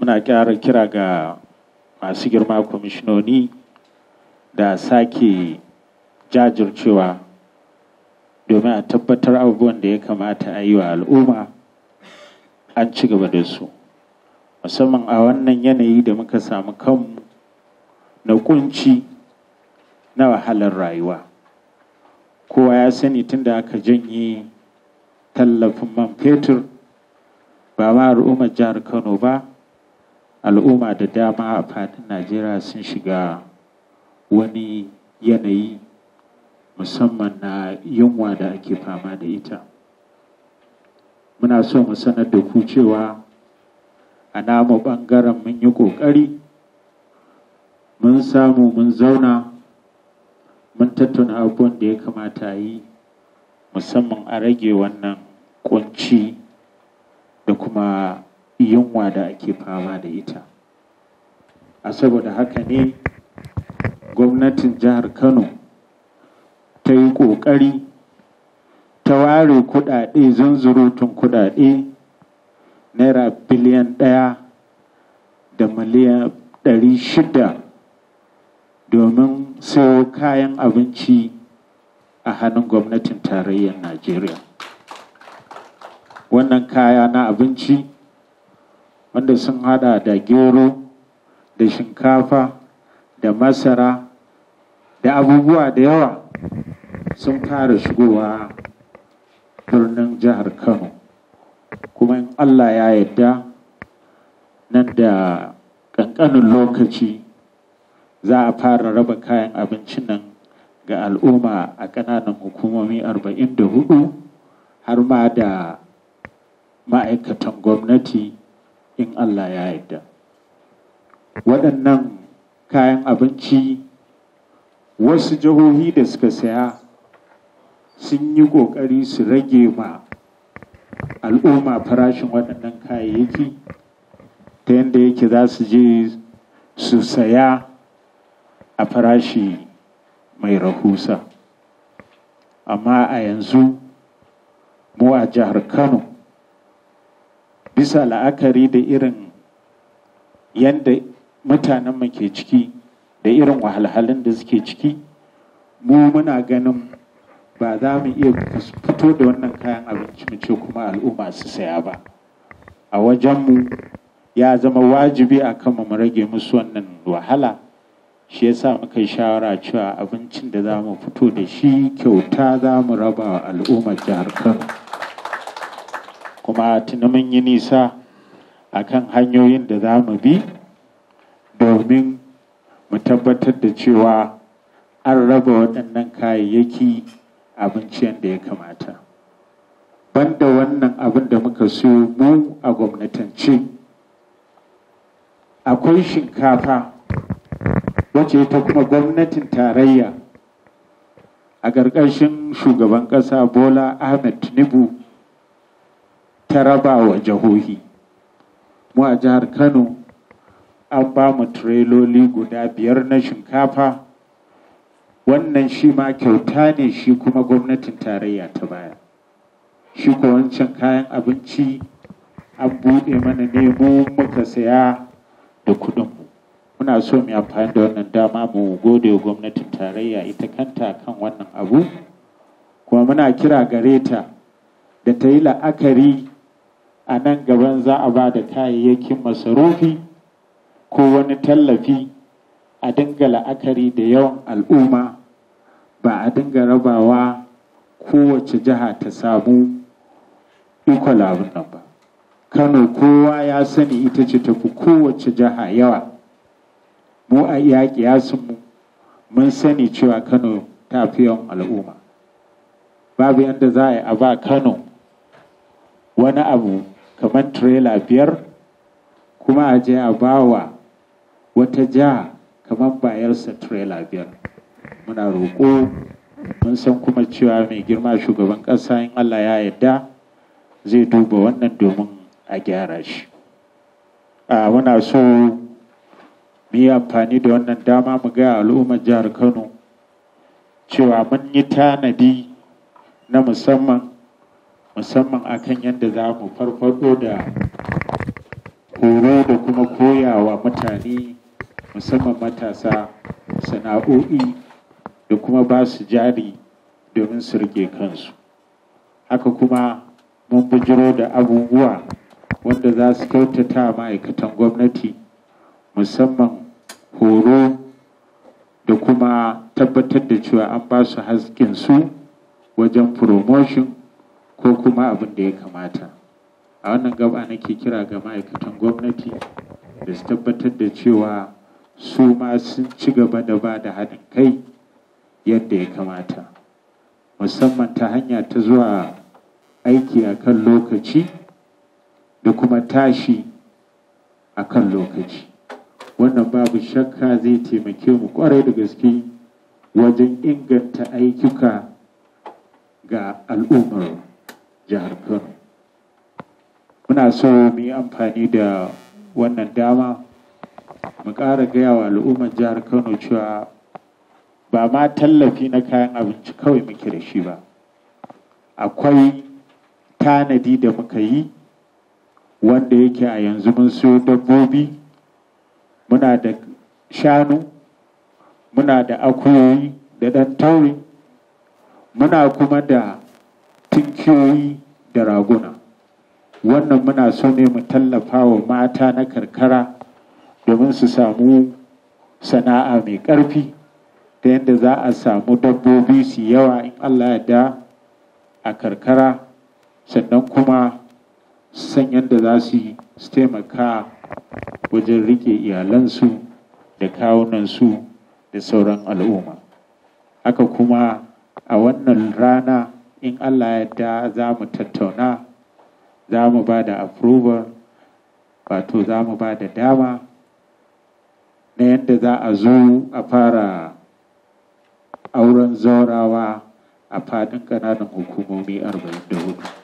muna kyara kira ga masu girma kwamishinoni da sake jajircewa domin a tabbatar abubuwan da ya kamata a yi wa al'umma an ci gaba da su musamman a wannan yanayi da muka samu kanmu na kunci na wahalar rayuwa kowa ya sani tun da aka janye tallafin man fetur ba ma al'ummar jihar kano ba al'umma da dama a fadin najeriya sun shiga wani yanayi musamman na yunwa da ake fama da ita muna so mu sanar da ku cewa a namu ɓangaren mun yi ƙoƙari mun samu mun zauna mun tattauna abubuwan da ya kamata yi musamman a rage wannan ƙunci da kuma yunwa da ake fama da ita a saboda haka ne gwamnatin jihar kano ta yi ƙoƙari ta ware kuɗaɗe zunzurutun kuɗaɗe naira biliyan ɗaya da miliyan ɗari shida domin sayo kayan abinci a hannun gwamnatin tarayyar najeriya wannan kaya na abinci wanda sun hada da gero da shinkafa da masara da abubuwa da yawa sun fara shigowa birnin jihar kano kuma in allah ya yadda nan da ƙanƙanin lokaci za a fara raba kayan abincin nan ga al'umma a ƙananan hukumomi 44 har ma da ma'aikatan gwamnati in Allah ya yadda waɗannan kayan abinci wasu jihohi da suka saya sun yi ƙoƙari su rage ma al'umma farashin waɗannan kayayyaki ta yadda yake za su je su saya a farashi mai rahusa amma a yanzu mu a jihar kano bisa la'akari da irin yadda mu ke ciki da irin wahalhalun da suke ciki mu muna ganin ba za mu iya fito da wannan kayan abinci mu ce kuma al'umma su saya ba a wajenmu ya zama wajibi a kan mu rage musu wannan wahala shi ya sa muka yi shawara cewa abincin da za mu fito da shi kyauta za mu raba wa al'ummar jihar kano kuma tuni mun yi nisa a kan hanyoyin da za mu bi domin mu tabbatar da cewa an raba waɗannan kayayyaki abincin da ya kamata banda wannan abin da muka siyo mu a gwamnatance akwai shinkafa wacce ta kuma gwamnatin tarayya a ƙarƙashin shugaban ƙasa bola ahmed tinubu ta raba wa jihohi mu a jihar kano an ba mu tireloli guda biyar na shinkafa wannan shi ma kyauta ne shi kuma gwamnatin tarayya ta baya shi ko wancan kayan abinci an buɗe mana nemo muka saya da kuɗinmu muna so mu amfani da wannan dama mu gode wa gwamnatin tarayya ita kanta kan wannan abu kuma muna kira gare ta da ta yi la'akari a nan gaban za a ba da kayayyakin masarufi ko wani tallafi a dinga la'akari da yawan al'umma ba a dinga rabawa kowace jiha ta samu ikon nan ba kano kowa ya sani ita ce tafi kowace jiha yawa mu a iya kiyasinmu mun sani cewa kano ta fi yawan al'umma babu yadda za a yi a ba kano wani abu kamar trailer biyar kuma a je a bawa wata jiha kamar bayarsa trailer biyar muna roƙo mun san kuma cewa mai girma shugaban ƙasa in allah ya yarda zai duba wannan domin a gyara shi a muna so mu yi amfani da wannan dama mu ga al'ummar jihar kano cewa mun yi tanadi na musamman musamman akan yadda za mu farfado da horo da kuma koyawa mutane musamman matasa sana'o'i da kuma ba su jari domin su rike kansu haka kuma mun bujiro da abubuwa wanda za su kyautata ma'aikatan gwamnati musamman horo da kuma tabbatar da cewa an ba su haskinsu wajen promotion ko kuma abin da ya kamata a wannan gaba nake kira ga ma'aikatan gwamnati da su tabbatar da cewa su ma sun ci gaba da ba da haɗin kai yadda ya kamata musamman ta hanya ta zuwa aiki a kan lokaci da kuma tashi a kan lokaci wannan babu shakka zai taimake mu kwarai da gaske wajen inganta aikuka ga al'ummar jihar kano muna so mu yi amfani da wannan dama mu ƙara gaya wa al'ummar jihar kano cewa ba ma tallafi na kayan abinci kawai muke da shi ba akwai tanadi da muka yi wanda yake a yanzu mun siyo dabbobi muna da shanu muna da akuyoyi da ɗan tauri muna kuma da tinkiyoyi da raguna wannan muna so ne mu tallafa wa mata na karkara domin su samu sana'a mai ƙarfi ta yadda za a samu dabbobi su yawa in allah da a karkara sannan kuma san yadda za su su taimaka wajen rike iyalansu da kawunansu da sauran al'umma haka kuma a wannan rana in allah yadda za mu tattauna za mu ba da approval wato za mu ba da dama na yadda za a zo a fara auren zaurawa a fadin ƙananan hukumomi 44